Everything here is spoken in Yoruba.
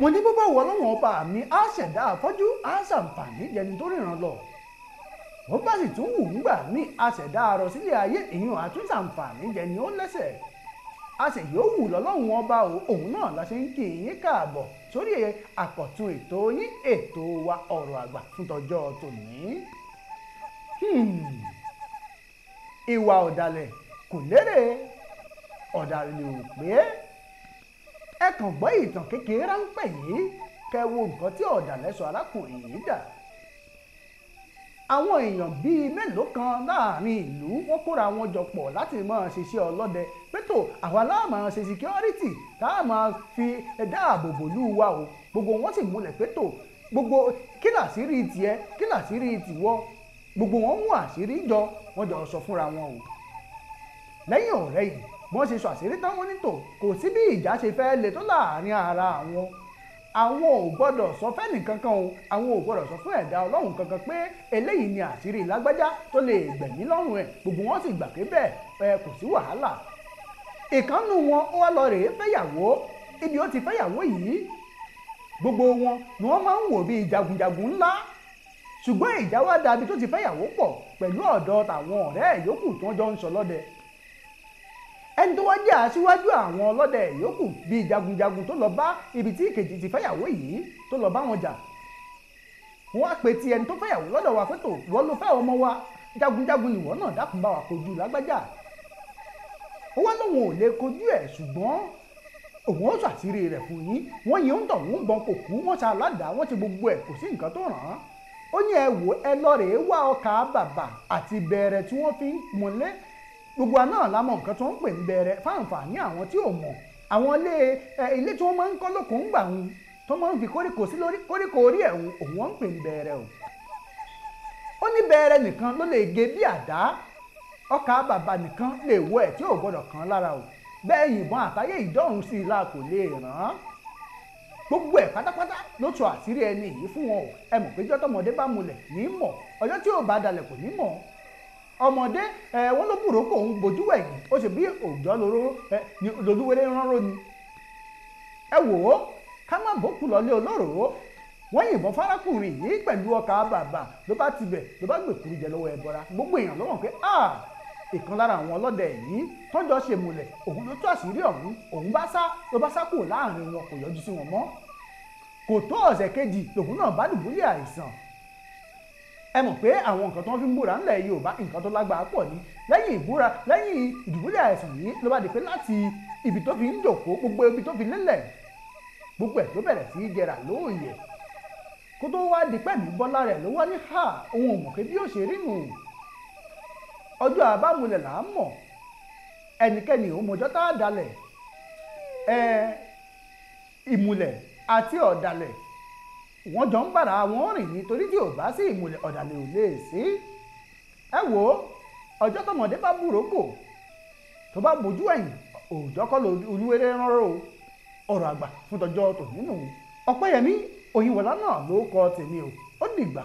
mo ní bíbá ìwọ ọlọ́wọ́n ọba mi á ṣẹ̀dá afọ́jú á ṣàǹfààní jẹni tó ríran lọ bó bá sì tún wù ú gbà mí a ṣẹ̀dá arọ sílẹ̀ ayé ìyún àtúnṣàǹfààní jẹni ó lẹ́sẹ̀ a sì yóò wù lọ́lọ́run ọba o òun náà la ṣe ń kí yín káàbọ̀ sórí àkọ̀tun ètò yín ètò wa ọ̀rọ̀ àgbà fún tòní. Hmm. ìwà ọ̀dàlẹ̀ kò lérè ọ̀dàlẹ̀ ò pé ẹ kàn gbọ́ ìtàn kékeré ráńpẹ́ yìí kẹ wo nǹkan tí ọ̀dàlẹ́sọ arákùnrin yìí dà àwọn èèyàn bíi mélòó kan láàrin ìlú wọn kóra wọn jọ pọ̀ láti máa ṣiṣẹ́ ọlọ́dẹ pétò àwa láà máa ṣe síkírọ́rìtì tá a máa fi dáàbò bòlú wa o gbogbo wọn sì múlẹ̀ pétò gbogbo kílàsírí tiẹ̀ kílàsírí tiwọ́ gbogbo wọn mú àṣírí jọ wọn jọ sọ fúnra wọn o lẹ́yìn ọ̀rẹ́ yìí wọ́n ṣe sọ àṣírí tán wọ́n ní tò kò sí bí ìjà ṣe fẹ́ le tó láàrin ara àwọn àwọn ò gbọ́dọ̀ sọ fẹ́nì kankan o àwọn ò gbọ́dọ̀ sọ fún ẹ̀dá ọlọ́run kankan pé eléyìí ni àṣírí lágbájá tó lè gbẹ̀mí lọ́rùn ẹ̀ gbogbo wọn sì gbà pé bẹ́ẹ̀ ẹ kò sí wàhálà ìkànnù wọn ó wá lọ rèé fẹ́yàwó ibi ó ti fẹ́yàwó yìí gbogbo wọn ni wọ́n máa ń wò bíi jagunjagun ńlá ṣùgbọ́n ìjà wá dàbí tó ti fẹ́yàwó pọ̀ pẹ̀lú ọ̀dọ́ tàwọn ọ̀rẹ́ yòókù tí wọ́n jọ ń sọ lọ́dẹ ẹni tó wá jẹ́ aṣíwájú àwọn ọlọ́dẹ yòókù bíi jagunjagun tó lọ bá ibi tí ìkejì ti fẹ́yàwó yìí tó lọ bá wọn jà wọ́n á pè ti ẹni tó fẹ́yàwó lọ́dọ̀ wa pé tó wọ́n ló fẹ́ ọmọ wa jagunjagun nìwọ náà dákun bá wa kojú lágbájá ó wá lóun ò lè kojú ẹ̀ ṣùgbọ́n òun ó ṣàṣírí rẹ̀ fún yín wọ́n yìí ń tọ̀ wọ́n ń bọ́n kò kú wọ́n ṣe aládàá wọ́n ṣe gbogbo ẹ̀ kò sí nǹkan tó ràn án ó ní ẹ wò ẹ lọ rèé wá ọkà bàbà àti bẹ̀rẹ̀ tí wọ́n fi ń mọ̀lẹ́ gbogbo àná la mọ̀ nǹkan tó ń pè ń bẹ̀rẹ̀ fáǹfààní àwọn tí ò mọ̀ àwọn ilé ilé tí wọ́n máa ń kọ́ lókun gbà ń tó máa ń fi koríko sí lórí koríko orí ẹ̀ ń òun wọ́n ń pè ń bẹ̀rẹ̀ o ó ní bẹ̀rẹ̀ nìkan ló lè gé bí àdá ọkà bàbà nìkan lè wọ ẹ̀ tí ò gbọ́dọ̀ kan lára o bẹ́ẹ̀ yìnbọn àtayé ìdọ́rùn sí i la kò lè ràn án gbogbo ẹ̀ pátápátá ló tún àṣírí ẹni yìí fún wọn o ẹ mọ̀ pé jọ́tọ́mọdé bá mulẹ̀ ní mọ̀ ọjọ́ tí ò bá dalẹ̀ kò ní mọ̀ ọmọdé ẹ wọn ló bùrọ̀ kó òun bójú wẹ̀yìn o sì bí òòjọ́ lóró ẹ ní lolúwerè ránró ni. ẹ wò ó ká má bókù lọlé olóró wọ́n yìnbọn fárákùnrin yìí pẹ̀lú ọkà bàbà ló bá tibẹ̀ ló bá gbèkúrú jẹ lọ́wọ́ ẹbọra gbogbo èèyàn ló mọ̀ pé ah ìkan lára àwọn ọlọ́dẹ yìí tọ́jọ́ ṣe múlẹ̀ òun ló tú àṣírí ọ̀hún òun bá sá ló bá sá kúrò láàrin wọn kò yọjú sí wọn mọ́ kò tó ọ̀sẹ̀ kejì lòun náà bá dùbúlẹ̀ àìsàn ẹ mọ̀ pé àwọn nǹkan tó ń fi ń búra ńlẹ̀ Yorùbá nǹkan tó lágbára pọ̀ ni lẹ́yìn ìbúra lẹ́yìn ìdùbúlẹ̀ àìsàn yìí ló bá di pé láti ibi tó fi ń jòkó gbogbo ibi tó fi lélẹ̀ gbogbo ẹ̀ ló bẹ̀rẹ̀ sí í jẹrà lóòyẹ̀ kó tó wá di pẹ̀mí bọ́lá rẹ̀ ló wá ní ha òun ò mọ̀ pé bí ó ṣe rí nù ọjọ́ àbámulẹ̀ là á mọ̀ ẹnikẹ́ni òun mọ̀jọ́ tá a dalẹ̀ ẹ ìmùlẹ̀ àti ọ̀dàlẹ̀ wọ́n jọ ń bára wọn rìn nítorí tí ò bá sí ìmùlẹ̀ ọ̀dàlẹ̀ ò lè sí. ẹ wo ọjọ́ tọmọdé bá búròkò tó bá bójú ẹ̀yìn òòjọ́ kọ́ ló olúwerè rọ́rọ́ o ọ̀rọ̀ àgbà fún tọjọ́ tòun nínú ọ̀pẹ́yẹmí òyìnbọ̀lá náà ló kọ tèmi o ó dìgbà